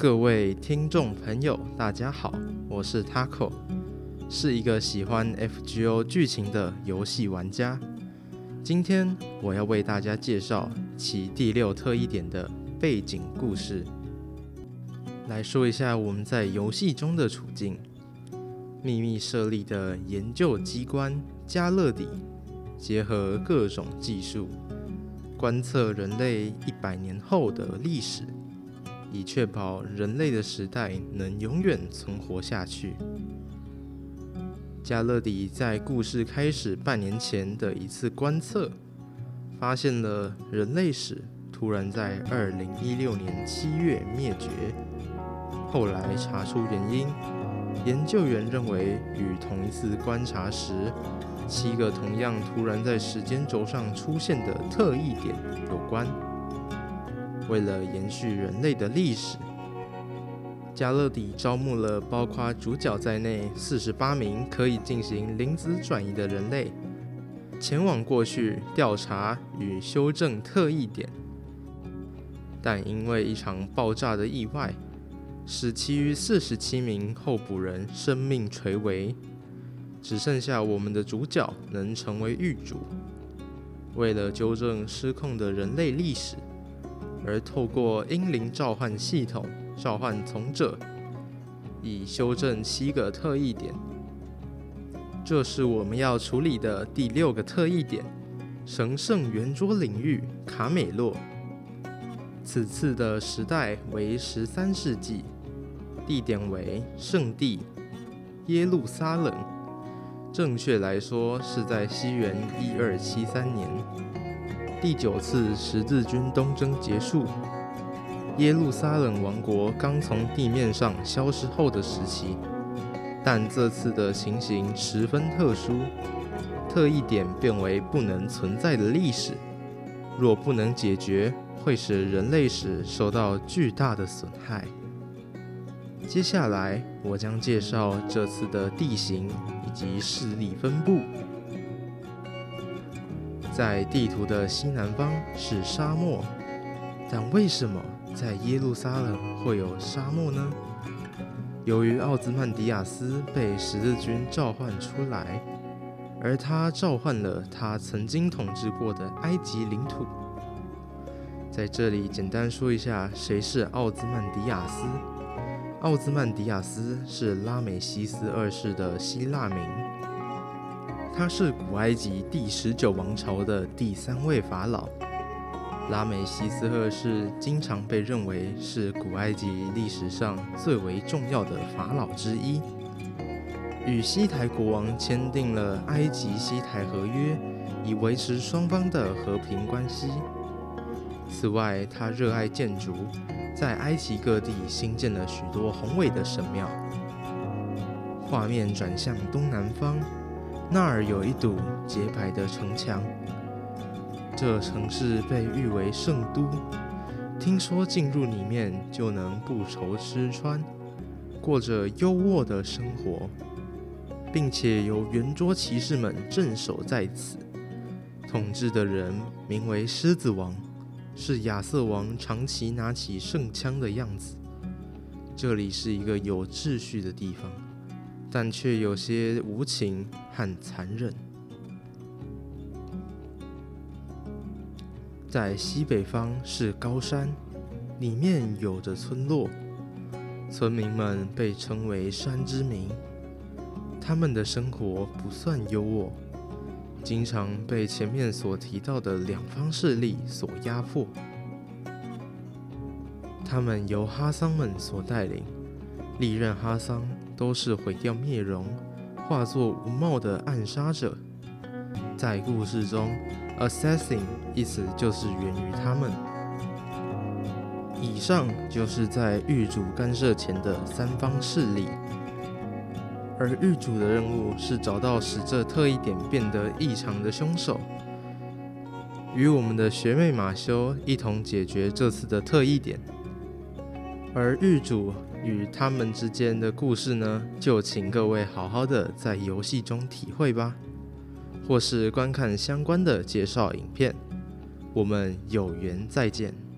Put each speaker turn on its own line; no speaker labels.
各位聽眾朋友，大家好，我是 Taco 是一個喜歡 FGO 劇情的遊戲玩家。今天我要為大家介紹其第六特異點的背景故事。來說一下我們在遊戲中的處境：秘密設立的研究機關迦勒底，結合各種技術，觀測人類一百年後的歷史。以確保人類的時代能永遠存活下去。加勒底在故事開始半年前的一次觀測，發現了人類史突然在2016年七月滅絕。後來查出原因，研究員認為與同一次觀察時，七個同樣突然在時間軸上出現的特異點有關。為了延續人類的歷史，加勒底招募了包括主角在內四十八名可以進行靈子轉移的人類，前往過去調查與修正特異點。但因為一場爆炸的意外，使其餘四十七名候補人生命垂危，只剩下我們的主角能成為御主。為了糾正失控的人類歷史，而透過英靈召喚系統召喚從者，以修正七個特異點。這是我們要處理的第六個特異點：神聖圓桌領域卡美洛。此次的時代為十三世紀，地點為聖地耶路撒冷，正確來說是在西元一二七三年。第九次十字軍東征結束，耶路撒冷王國剛從地面上消失後的時期，但這次的情形十分特殊，特異點變為不能存在的歷史。若不能解決，會使人類史受到巨大的損害。接下來，我將介紹這次的地形以及勢力分布。在地圖的西南方是沙漠，但為什麼在耶路撒冷會有沙漠呢？由於奧茲曼迪亞斯被十字軍召喚出來，而他召喚了他曾經統治過的埃及領土。在這裡簡單說一下，誰是奧茲曼迪亞斯？奧茲曼迪亞斯是拉美西斯二世的希臘名。他是古埃及第十九王朝的第三位法老，拉美西斯二世經常被認為是古埃及歷史上最為重要的法老之一。與西台國王簽訂了埃及西台和約，以維持雙方的和平關係。此外，他熱愛建築，在埃及各地新建了許多宏偉的神廟。畫面轉向東南方。那兒有一堵潔白的城牆，這城市被譽為聖都。聽說進入裡面就能不愁吃穿，過着優渥的生活，並且由圓桌騎士們鎮守在此。統治的人名為獅子王，是亞瑟王長期拿起聖槍的樣子。這裡是一個有秩序的地方。但卻有些無情和殘忍。在西北方是高山，裡面有着村落，村民們被稱為山之民。他們的生活不算優渥，經常被前面所提到的兩方勢力所壓迫。他們由哈桑們所帶領，歷任哈桑，都是毀掉面容、化作無貌的暗殺者。在故事中 a s s e s s i n g 意思，就是源於他們。以上就是在獄主干涉前的三方勢力，而獄主的任務是找到使這特異點變得異常的兇手，與我們的學妹馬修一同解決這次的特異點，而獄主。與他們之間的故事呢，就請各位好好的在遊戲中體會吧，或是觀看相關的介紹影片。我們有緣再見。